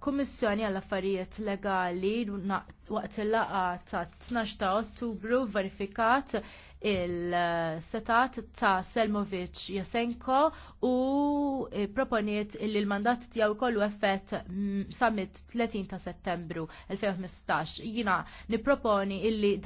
Kummissjoni għall affarijiet legali waqt il-laqa ta' 12 ta' Ottubru verifikat il-setat ta' Selmovic Jasenko u proponiet li l-mandat tiegħu kollu effett mm, summit 30 ta' Settembru 2015. Jina niproponi illi